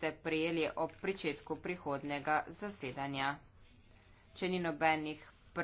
ste prijeli ob pričetku prihodnega zasedanja. Če ni nobenih